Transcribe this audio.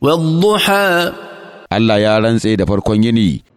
والضحى Allah ya rantse da farkon yini